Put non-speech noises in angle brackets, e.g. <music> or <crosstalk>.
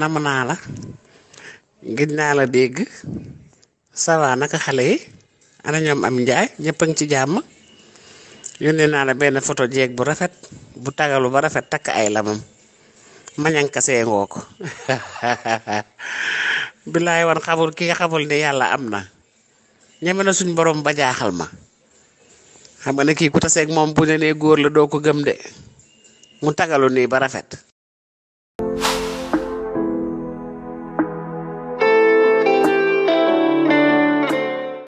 nam naa la gëj naa la dégg ça va naka xale yi ana ñoom am njaay ñëpp a ngi ci jàmm yónnee naa la benn foto jeeg bu rafet bu tagalu ba rafet takk ay lamam mañankasee ngoo ko <laughs> bilaay wan xamul ki nga xamul yàlla am na ñeme na suñ borom ba jaaxal ma xam nga ne kii ku taseeg moom bu ne nee góor la doo ko gëm de mu tagalu nii ba rafet